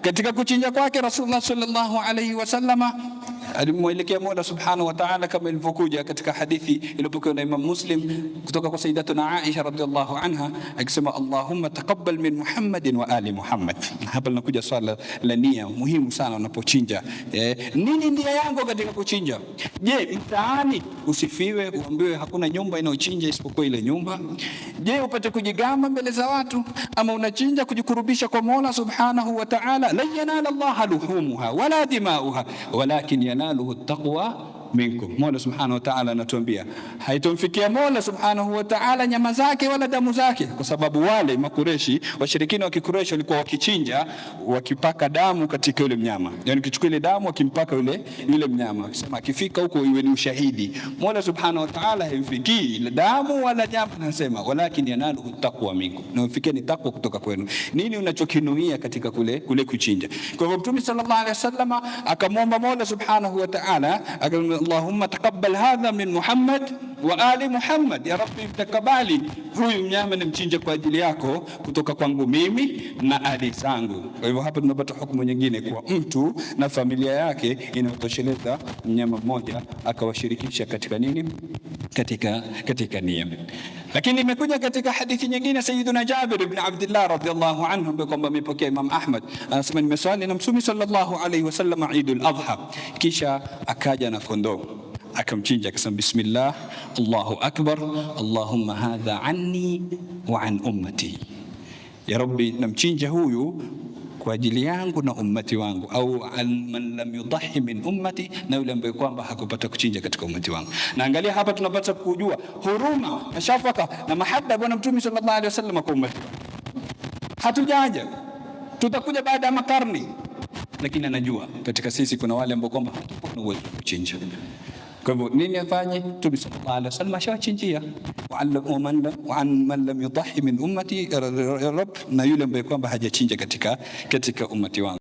Katika kuchinja kwake Rasulullah sallallahu alaihi wasallama alimwelekea Mola subhanahu wa ta'ala, kama ilivyokuja katika hadithi iliyopokewa na Imam Muslim kutoka kwa Sayyidatuna Aisha radhiallahu anha akisema, Allahumma taqabbal min Muhammadin wa ali Muhammad. Hapa linakuja swala la nia, muhimu sana unapochinja. Eh, nini ndia yangu katika kuchinja? Je, mtaani usifiwe, uambiwe hakuna nyumba inayochinja isipokuwa ile nyumba? Je, upate kujigamba mbele za watu, ama unachinja kujikurubisha kwa Mola subhanahu wa ta'ala? La yanala Allah luhumuha wala dimauha walakin وشماله التقوى minkum. Mola subhanahu wa ta'ala anatuambia haitomfikia Mola subhanahu wa ta'ala nyama zake wala damu zake, kwa sababu wale makureshi washirikina wa kikureshi walikuwa wakichinja wakipaka damu katika yule mnyama, yani kichukua ile damu wakimpaka yule yule mnyama, akisema akifika huko iwe ni ushahidi. Mola subhanahu wa ta'ala haimfikii ile damu wala nyama, anasema walakin yanalu taqwa minkum, na mfikie ni takwa kutoka kwenu. Nini unachokinuia katika kule kule kuchinja? Kwa hivyo Mtume sallallahu alaihi wasallam akamwomba Mola subhanahu wa ta'ala akamwomba اللهم تقبل هذا من محمد wa ali Muhammad, ya Rabbi takabali. Huyu mnyama nimchinje kwa ajili yako kutoka kwangu mimi na ali zangu. Kwa hivyo hapa tunapata hukumu nyingine kuwa mtu na familia yake inayotosheleza mnyama mmoja akawashirikisha katika nini, katika, katika nia. Lakini imekuja katika hadithi nyingine, Sayyiduna Jabir ibn Abdullah radhiyallahu anhu kwamba amepokea Imam Ahmad anasema, nimeswali na Mtume sallallahu alayhi wasallam Eid al-Adha, kisha akaja na kondoo akamchinja akasema, bismillah, Allahu akbar, allahumma hadha anni wa an ummati, ya Rabbi, namchinja huyu kwa ajili yangu na ummati wangu, au man lam yudhi min ummati, na yule ambaye kwamba hakupata kuchinja katika ummati wangu. Na angalia hapa, tunapata kujua huruma na shafaka na mahaba bwana Mtume sallallahu alaihi wasallam kwa ummati. Hatujaja, tutakuja baada ya makarni, lakini anajua katika sisi kuna wale ambao kwamba hatuko na uwezo kuchinja. Kwa hivyo nini afanye? Mtume sallallahu alaihi wasallam ashawachinjia waan man lam yudahi min ummati rabb, na yule ambaye kwamba hajachinja katika katika ummati wangu.